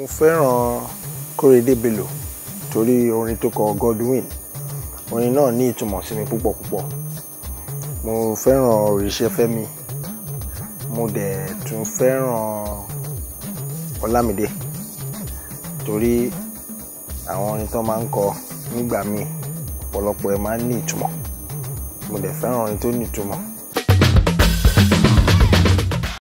mo fẹ́ràn Kórèdé Bello torí orin tó kọ Godwin orin náà ní ìtumọ̀ sí mi púpọ̀ púpọ̀ mo fẹ́ràn Òrìṣẹ́fẹ́mi mo dẹ̀ tún fẹ́ràn Ọlámídé torí àwọn orin tó máa ń kọ nígbà míì ọ̀pọ̀lọpọ̀ ẹ̀ máa ń ní ìtumọ̀ mo dẹ̀ fẹ́ràn orin tó ní ìtumọ̀.